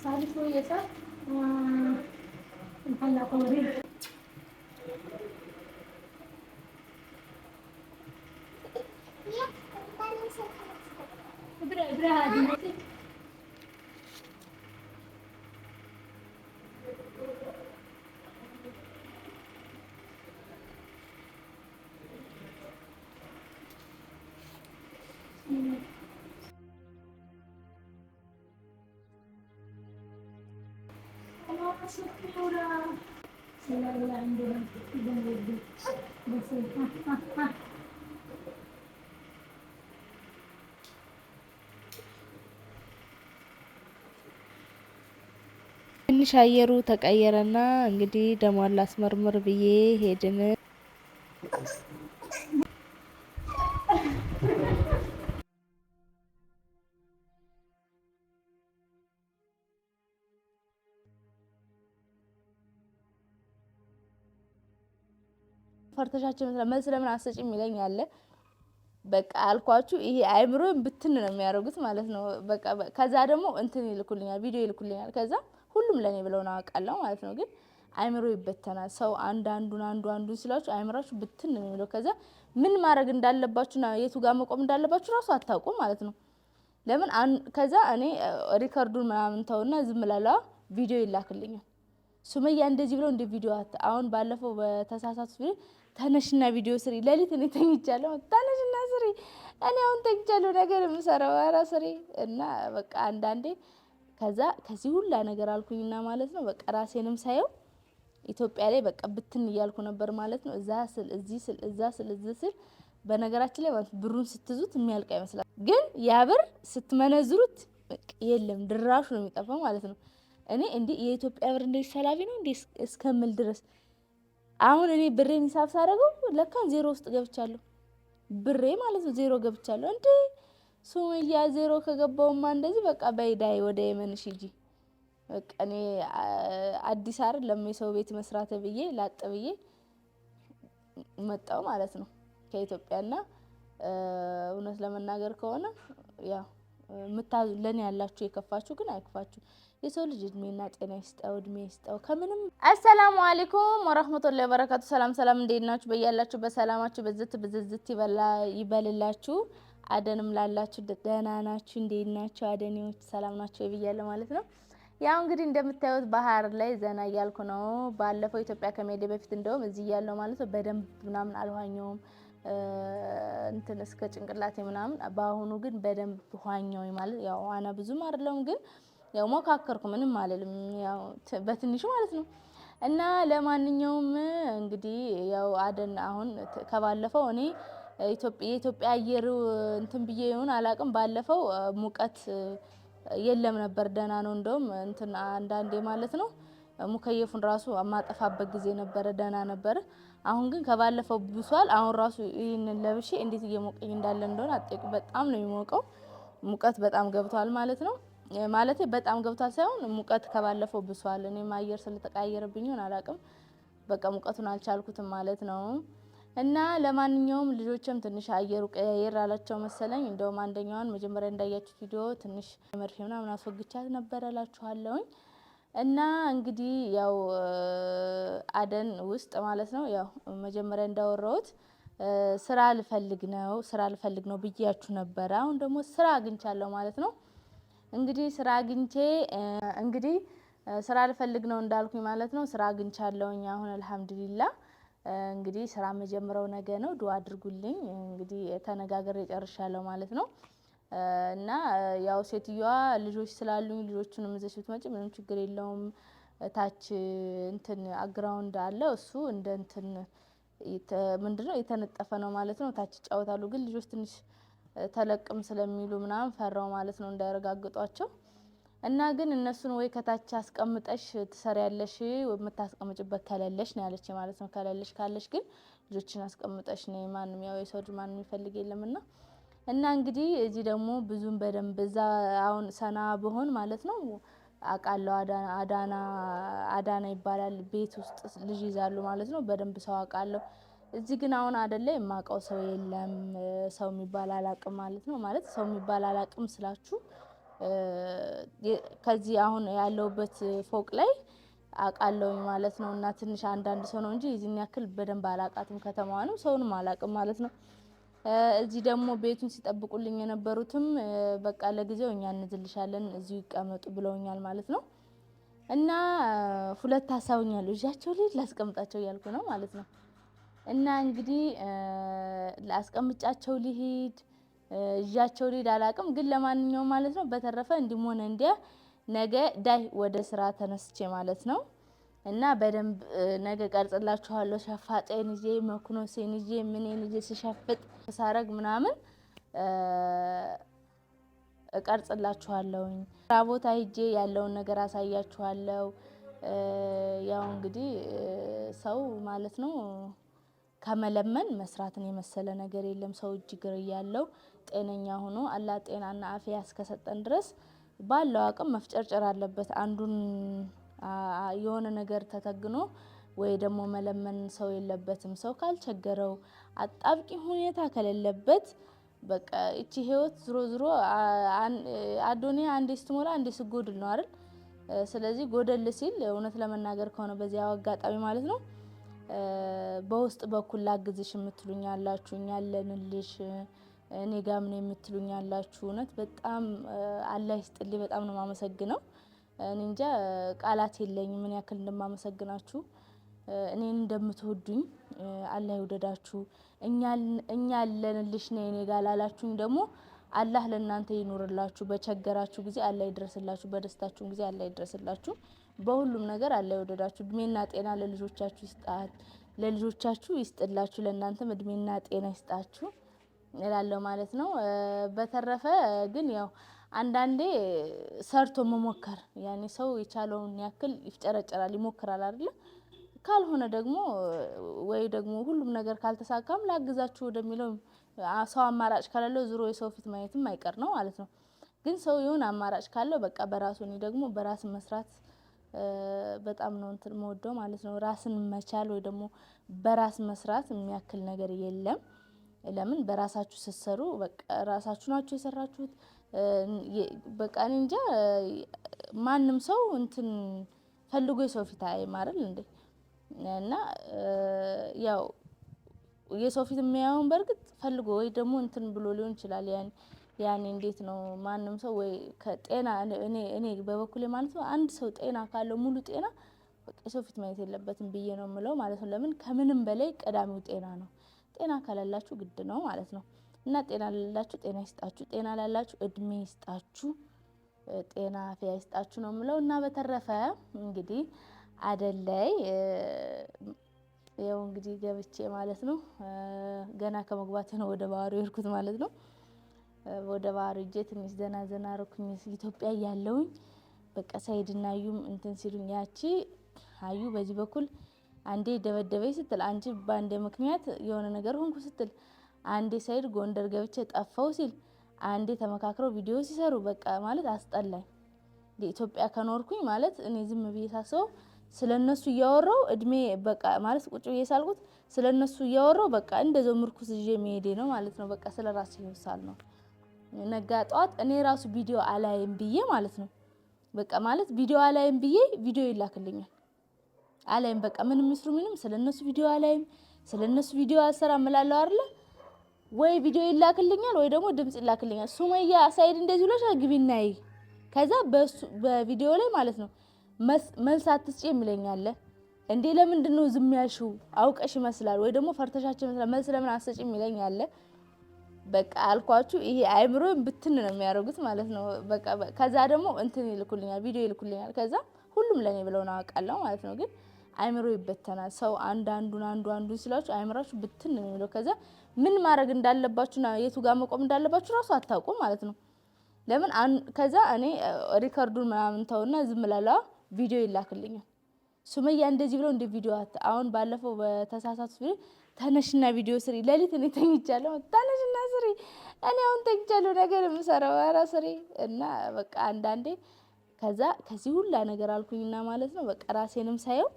सारी सोयी येतात मला ትንሽ አየሩ ተቀየረና እንግዲህ ደሟን ላስመርምር ብዬ ሄድን። ፈርተሻቸው ይመስላል መልስ ለምን አሰጭ የሚለኝ ያለ በቃ አልኳችሁ፣ ይሄ አይምሮ ብትን ነው የሚያደርጉት ማለት ነው። በቃ ከዛ ደግሞ እንትን ይልኩልኛል፣ ቪዲዮ ይልኩልኛል። ከዛ ሁሉም ለእኔ ብለው አውቃለሁ ማለት ነው ግን አይምሮ ይበተናል። ሰው አንዳንዱን አንዱ አንዱን ስላችሁ አይምራችሁ ብትን ነው የሚለው። ከዛ ምን ማድረግ እንዳለባችሁና የቱ ጋር መቆም እንዳለባችሁ ራሱ አታውቁ ማለት ነው። ለምን ከዛ እኔ ሪከርዱን ምናምን ተውና ዝም እላለሁ። ቪዲዮ ይላክልኛል ሱመያ እንደዚህ ብለው እንደ ቪዲዮ አሁን ባለፈው በተሳሳቱ ቪዲዮ ተነሽና ቪዲዮ ስሪ። ሌሊት እኔ ተኝቻለሁ። ተነሽና ስሪ። እኔ አሁን ተኝቻለሁ ነገር የምሰራው ኧረ ስሪ እና በቃ አንዳንዴ ከዛ ከዚህ ሁላ ነገር አልኩኝና ማለት ነው በቃ ራሴንም ሳየው ኢትዮጵያ ላይ በቃ ብትን እያልኩ ነበር ማለት ነው። እዛ ስል እዚህ ስል እዛ ስል እዚህ ስል በነገራችን ላይ ማለት ብሩን ስትዙት የሚያልቅ አይመስላል፣ ግን ያ ብር ስትመነዝሩት የለም ድራሹ ነው የሚጠፋው ማለት ነው። እኔ እንዲህ የኢትዮጵያ ብር እንደ ሰላቢ ነው እንዲህ እስከምል ድረስ አሁን እኔ ብሬን ሂሳብ ሳደርገው ለካ ዜሮ ውስጥ ገብቻለሁ። ብሬ ማለት ነው ዜሮ ገብቻለሁ። እንዴ ሱመያ ዜሮ ከገባውማ እንደዚህ በቃ በይዳይ ወደ የመንሽ ሂጂ። በቃ እኔ አዲስ አር ለሚሰው ቤት መስራት ብዬ ላጥ ብዬ መጣው ማለት ነው ከኢትዮጵያና እውነት ለመናገር ከሆነ ያው ምታዙ ለኔ ያላችሁ የከፋችሁ ግን አይክፋችሁ። የሰው ልጅ እድሜና ጤና ይስጠው፣ እድሜ ይስጠው ከምንም። አሰላሙ አሌይኩም ወረህመቱላሂ ወበረካቱ። ሰላም ሰላም፣ እንዴት ናችሁ? በያላችሁ በሰላማችሁ በዝት ብዝዝት ይበልላችሁ። አደንም ላላችሁ ደህና ናችሁ? እንዴት ናችሁ? አደኔዎች ሰላም ናቸው ብያለሁ ማለት ነው። ያው እንግዲህ እንደምታዩት ባህር ላይ ዘና እያልኩ ነው። ባለፈው ኢትዮጵያ ከመሄዴ በፊት እንደውም እዚህ እያለሁ ማለት ነው በደንብ ምናምን አልኋኘውም እንትን እስከ ጭንቅላቴ ምናምን። በአሁኑ ግን በደንብ ኋኘው ማለት ያው ዋና ብዙም አይደለሁም ግን ያው ሞካከርኩ፣ ምንም አልልም፣ ያው በትንሹ ማለት ነው። እና ለማንኛውም እንግዲህ ያው አደን አሁን ከባለፈው እኔ የኢትዮጵያ አየር እንትን ብዬ ይሁን አላቅም፣ ባለፈው ሙቀት የለም ነበር፣ ደህና ነው። እንደውም እንትን አንዳንዴ ማለት ነው ሙከየፉን ራሱ የማጠፋበት ጊዜ ነበረ፣ ደህና ነበረ። አሁን ግን ከባለፈው ብሷል። አሁን ራሱ ይህንን ለብሼ እንዴት እየሞቀኝ እንዳለ እንደሆነ አጠቁ። በጣም ነው የሚሞቀው፣ ሙቀት በጣም ገብቷል ማለት ነው። ማለት በጣም ገብቷል ሳይሆን ሙቀት ከባለፈው ብሷል። እኔም አየር ስለተቀያየረብኝ ይሆን አላውቅም። በቃ ሙቀቱን አልቻልኩትም ማለት ነው። እና ለማንኛውም ልጆችም ትንሽ አየሩ ቀያየር አላቸው መሰለኝ። እንደውም አንደኛዋን መጀመሪያ እንዳያችሁ ቪዲዮ ትንሽ መርፌ ምናምን አስወግቻት ነበር እላችኋለሁኝ። እና እንግዲህ ያው አደን ውስጥ ማለት ነው ያው መጀመሪያ እንዳወራሁት ስራ ልፈልግ ነው ስራ ልፈልግ ነው ብያችሁ ነበረ። አሁን ደግሞ ስራ አግኝቻለሁ ማለት ነው። እንግዲህ ስራ አግኝቼ እንግዲህ ስራ ልፈልግ ነው እንዳልኩኝ ማለት ነው። ስራ አግኝቻለሁኝ አሁን አልሐምዱሊላ። እንግዲህ ስራ መጀመሪያው ነገ ነው። ዱአ አድርጉልኝ። እንግዲህ ተነጋግሬ ጨርሻለሁ ማለት ነው። እና ያው ሴትዮዋ ልጆች ስላሉኝ ልጆቹንም ይዘሽ ብትመጪ ምንም ችግር የለውም ታች እንትን አግራውንድ አለ እሱ እንደ እንትን ምንድነው የተነጠፈ ነው ማለት ነው። ታች ይጫወታሉ ግን ልጆች ትንሽ ተለቅም ስለሚሉ ምናምን ፈራው ማለት ነው እንዳያረጋግጧቸው እና ግን እነሱን ወይ ከታች አስቀምጠሽ ትሰሪያለሽ የምታስቀምጭበት ከለለሽ ነው ያለች ማለት ነው። ከለለሽ ካለሽ ግን ልጆችን አስቀምጠሽ ነው ማንም ያው የሰው ልጅ ማንም ይፈልግ የለም ና እና እንግዲህ እዚህ ደግሞ ብዙም በደንብ እዛ አሁን ሰና ብሆን ማለት ነው አውቃለሁ። አዳና አዳና ይባላል ቤት ውስጥ ልጅ ይዛሉ ማለት ነው። በደንብ ሰው አውቃለሁ። እዚህ ግን አሁን አደለ የማውቀው ሰው የለም። ሰው የሚባል አላቅም ማለት ነው። ማለት ሰው የሚባል አላቅም ስላችሁ ከዚህ አሁን ያለውበት ፎቅ ላይ አውቃለሁኝ ማለት ነው። እና ትንሽ አንዳንድ ሰው ነው እንጂ የዚህን ያክል በደንብ አላቃትም። ከተማዋ ነው ሰውንም አላቅም ማለት ነው። እዚህ ደግሞ ቤቱን ሲጠብቁልኝ የነበሩትም በቃ ለጊዜው እኛ እንዝልሻለን እዚሁ ይቀመጡ ብለውኛል ማለት ነው። እና ሁለት ሀሳብኛሉ እዣቸው ልጅ ላስቀምጣቸው እያልኩ ነው ማለት ነው። እና እንግዲህ ለአስቀምጫቸው ሊሂድ እዣቸው ልሂድ አላቅም፣ ግን ለማንኛውም ማለት ነው። በተረፈ እንዲም ሆነ እንዲያ ነገ ዳይ ወደ ስራ ተነስቼ ማለት ነው እና በደንብ ነገ ቀርጽላችኋለሁ። ሸፋጤን ይዤ መኩኖሴን ይዤ ምኔን ይዤ ስሸፍጥ ሳረግ ምናምን እቀርጽላችኋለሁኝ። ስራ ቦታ ሂጄ ያለውን ነገር አሳያችኋለሁ። ያው እንግዲህ ሰው ማለት ነው ከመለመን መስራትን የመሰለ ነገር የለም። ሰው እጅ እግር እያለው ጤነኛ ሆኖ አላ ጤናና አፍያ እስከሰጠን ድረስ ባለው አቅም መፍጨርጨር አለበት። አንዱን የሆነ ነገር ተተግኖ ወይ ደግሞ መለመን ሰው የለበትም። ሰው ካልቸገረው አጣብቂ ሁኔታ ከሌለበት በቃ እቺ ህይወት ዝሮ ዝሮ አዶኒ አንዴ ስትሞላ አንዴ ስጎድል ነው አይደል? ስለዚህ ጎደል ሲል እውነት ለመናገር ከሆነ በዚያ አጋጣሚ ማለት ነው በውስጥ በኩል ላግዝሽ የምትሉኝ አላችሁ እኛ አለንልሽ እኔ ጋም ነው የምትሉኝ አላችሁ እውነት በጣም አላህ ይስጥልኝ። በጣም ነው የማመሰግነው። እኔ እንጃ ቃላት የለኝ ምን ያክል እንደማመሰግናችሁ እኔን እንደምትወዱኝ አላህ ይውደዳችሁ። እኛ ለንልሽ ነ እኔ ጋር ላላችሁኝ ደግሞ አላህ ለእናንተ ይኖርላችሁ በቸገራችሁ ጊዜ አላህ ይድረስላችሁ። በደስታችሁም ጊዜ አላህ ይድረስላችሁ። በሁሉም ነገር አላ ይወደዳችሁ። እድሜና ጤና ለልጆቻችሁ ይስጣል፣ ለልጆቻችሁ ይስጥላችሁ፣ ለእናንተም እድሜና ጤና ይስጣችሁ እላለሁ ማለት ነው። በተረፈ ግን ያው አንዳንዴ ሰርቶ መሞከር ያኔ ሰው የቻለውን ያክል ይፍጨረጨራል፣ ይሞክራል አይደለ? ካልሆነ ደግሞ ወይ ደግሞ ሁሉም ነገር ካልተሳካም ላግዛችሁ ወደሚለው ሰው አማራጭ ካላለው ዝሮ የሰው ፊት ማየትም አይቀር ነው ማለት ነው። ግን ሰው የሆነ አማራጭ ካለው በቃ በራሱ እኔ ደግሞ በራስ መስራት በጣም ነው እንትን መወደው ማለት ነው። ራስን መቻል ወይ ደግሞ በራስ መስራት የሚያክል ነገር የለም። ለምን በራሳችሁ ስትሰሩ በቃ ራሳችሁ ናችሁ የሰራችሁት። በቃ እኔ እንጃ ማንም ሰው እንትን ፈልጎ የሰው ፊት አይማርል እንዴ እና ያው የሰው ፊት የሚያየውን በእርግጥ ፈልጎ ወይ ደግሞ እንትን ብሎ ሊሆን ይችላል ያን ያኔ እንዴት ነው ማንም ሰው ወይ ከጤና እኔ እኔ በበኩሌ ማለት ነው አንድ ሰው ጤና ካለው ሙሉ ጤና በቃ የሰው ፊት ማየት የለበትም ብዬ ነው የምለው ማለት ነው። ለምን ከምንም በላይ ቀዳሚው ጤና ነው። ጤና ከሌላችሁ ግድ ነው ማለት ነው። እና ጤና ላላችሁ ጤና ይስጣችሁ፣ ጤና ላላችሁ እድሜ ይስጣችሁ፣ ጤና አፍያ ይስጣችሁ ነው የምለው እና በተረፈ እንግዲህ አደለይ ያው እንግዲህ ገብቼ ማለት ነው ገና ከመግባት ነው ወደ ባህሩ የሄድኩት ማለት ነው። ወደ ባህር እጄ ትንሽ ዘና ዘና ረኩኝ ኢትዮጵያ እያለውኝ በቃ ሳይድና ዩም እንትን ሲሉኝ ያቺ አዩ በዚህ በኩል አንዴ ደበደበኝ ስትል አንቺ በአንዴ ምክንያት የሆነ ነገር ሆንኩ ስትል አንዴ ሳይድ ጎንደር ገብቼ ጠፋው ሲል አንዴ ተመካክረው ቪዲዮ ሲሰሩ በቃ ማለት አስጠላኝ። ኢትዮጵያ ከኖርኩኝ ማለት እኔ ዝም ብዬ ሳስበው ስለነሱ እያወራው እድሜ በቃ ማለት ቁጭ ብዬ ሳልኩት ስለነሱ እያወራው በቃ እንደዛው ምርኩስ ይዤ መሄዴ ነው ማለት ነው። በቃ ስለራሴ ይወሳል ነው። ነጋ ጠዋት እኔ ራሱ ቪዲዮ አላይም ብዬ ማለት ነው። በቃ ማለት ቪዲዮ አላይም ብዬ ቪዲዮ ይላክልኛል። አላይም በቃ ምንም ይስሩ ምንም ስለነሱ ቪዲዮ አላይም፣ ስለነሱ ቪዲዮ አልሰራም እላለሁ አይደለ ወይ ቪዲዮ ይላክልኛል ወይ ደግሞ ድምጽ ይላክልኛል። ሱመያ ሳይድ እንደዚህ ብለሽ ግቢና አይ ከዛ በቪዲዮ ላይ ማለት ነው መልስ አትስጪ የሚለኛለ እንዴ ለምንድን ነው ዝም ያልሽው? አውቀሽ ይመስላል ወይ ደግሞ ፈርተሻቸው ይመስላል መልስ ለምን አትሰጪ የሚለኛለ በቃ አልኳችሁ፣ ይሄ አይምሮ ብትን ነው የሚያደርጉት ማለት ነው። በቃ ከዛ ደግሞ እንትን ይልኩልኛል፣ ቪዲዮ ይልኩልኛል። ከዛ ሁሉም ለእኔ ብለው አውቃለሁ ማለት ነው። ግን አይምሮ ይበተናል። ሰው አንዳንዱን አንዱ አንዱን ስላችሁ አይምራችሁ ብትን ነው የሚለው። ከዛ ምን ማድረግ እንዳለባችሁና የቱ ጋር መቆም እንዳለባችሁ ራሱ አታውቁ ማለት ነው። ለምን ከዛ እኔ ሪከርዱን ምናምን ተውና ዝም ቪዲዮ ይላክልኛል ሱመያ እንደዚህ ብለው እንደ ቪዲዮ አሁን ባለፈው በተሳሳቱ ቪዲዮ ተነሽና ቪዲዮ ስሪ፣ ሌሊት እኔ ተኝቻለሁ። ተነሽና ስሪ፣ እኔ አሁን ተኝቻለሁ፣ ነገር የምሰራው ኧረ ስሪ እና በቃ አንዳንዴ ከዛ ከዚህ ሁላ ነገር አልኩኝና ማለት ነው በቃ ራሴንም ሳየው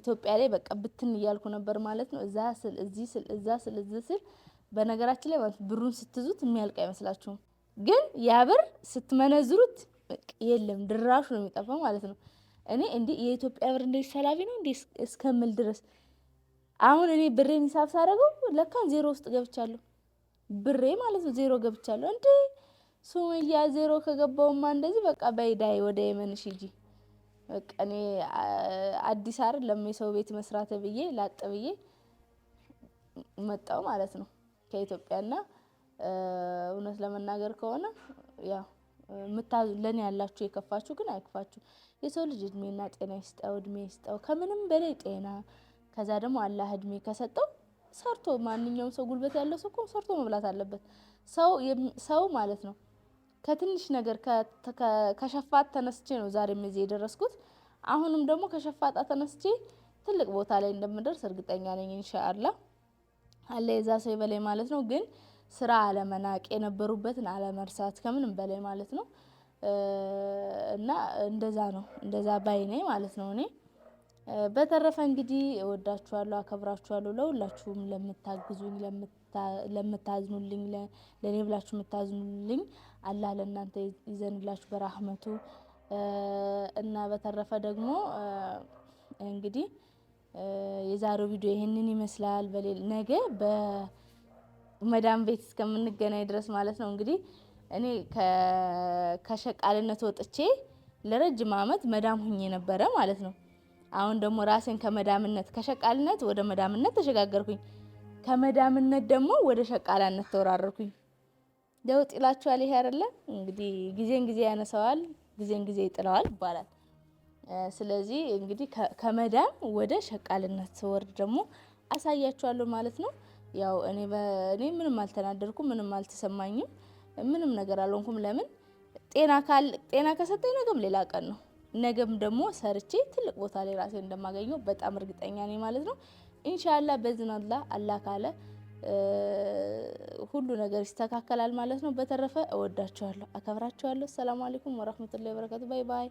ኢትዮጵያ ላይ በቃ ብትን እያልኩ ነበር ማለት ነው። እዛ ስል እዚህ ስል እዛ ስል እዚህ ስል በነገራችን ላይ ማለት ብሩን ስትዙት የሚያልቅ አይመስላችሁም፣ ግን ያ ብር ስትመነዝሩት የለም ድራሹ ነው የሚጠፋው ማለት ነው። እኔ እንዲህ የኢትዮጵያ ብር እንደ ሰላቢ ነው እንዴ እስከምል ድረስ አሁን እኔ ብሬን ሂሳብ ሳደረገው ለካ ዜሮ ውስጥ ገብቻለሁ። ብሬ ማለት ነው ዜሮ ገብቻለሁ። እንዲ ሱመያ ዜሮ ከገባውማ እንደዚህ በቃ በይዳይ ወደ የመንሽ ሂጂ በቃ እኔ አዲስ አር ለሚሰው ቤት መስራት ብዬ ላጥ ብዬ መጣው ማለት ነው ከኢትዮጵያና እውነት ለመናገር ከሆነ ያው ለእኔ ያላችሁ የከፋችሁ ግን አይክፋችሁ። የሰው ልጅ እድሜና ጤና ይስጠው፣ እድሜ ይስጠው፣ ከምንም በላይ ጤና። ከዛ ደግሞ አላህ እድሜ ከሰጠው ሰርቶ ማንኛውም ሰው ጉልበት ያለው ሰው እኮ ሰርቶ መብላት አለበት። ሰው ማለት ነው ከትንሽ ነገር ከሸፋጥ ተነስቼ ነው ዛሬም እዚህ የደረስኩት። አሁንም ደግሞ ከሸፋጣ ተነስቼ ትልቅ ቦታ ላይ እንደምደርስ እርግጠኛ ነኝ። እንሻአላ አለ የዛ ሰው ይበላይ ማለት ነው ግን ስራ አለመናቅ፣ የነበሩበትን አለመርሳት ከምንም በላይ ማለት ነው። እና እንደዛ ነው እንደዛ ባይ ማለት ነው እኔ በተረፈ እንግዲህ እወዳችኋለሁ፣ አከብራችኋለሁ። ለሁላችሁም ለምታግዙኝ፣ ለምታዝኑልኝ፣ ለእኔ ብላችሁ የምታዝኑልኝ አላህ ለእናንተ ይዘንላችሁ በራህመቱ እና በተረፈ ደግሞ እንግዲህ የዛሬው ቪዲዮ ይህንን ይመስላል። በሌል ነገ በ መዳም ቤት እስከምንገናኝ ድረስ ማለት ነው። እንግዲህ እኔ ከሸቃልነት ወጥቼ ለረጅም ዓመት መዳም ሁኜ ነበረ ማለት ነው። አሁን ደግሞ ራሴን ከመዳምነት ከሸቃልነት ወደ መዳምነት ተሸጋገርኩኝ። ከመዳምነት ደግሞ ወደ ሸቃላነት ተወራረርኩኝ። ለውጥ ይላችኋል። ይሄ አይደለ እንግዲህ ጊዜን ጊዜ ያነሰዋል ጊዜን ጊዜ ይጥለዋል ይባላል። ስለዚህ እንግዲህ ከመዳም ወደ ሸቃልነት ስወርድ ደግሞ አሳያችኋለሁ ማለት ነው። ያው እኔ በእኔ ምንም አልተናደርኩም፣ ምንም አልተሰማኝም፣ ምንም ነገር አልሆንኩም። ለምን ጤና ካል ጤና ከሰጠኝ ነገም ሌላ ቀን ነው። ነገም ደግሞ ሰርቼ ትልቅ ቦታ ላይ ራሴን እንደማገኘው በጣም እርግጠኛ ነኝ ማለት ነው። ኢንሻአላህ በዝናላ አላህ ካለ ሁሉ ነገር ይስተካከላል ማለት ነው። በተረፈ እወዳችኋለሁ፣ አከብራችኋለሁ። ሰላም አለይኩም ወራህመቱላሂ ወበረካቱ። ባይ ባይ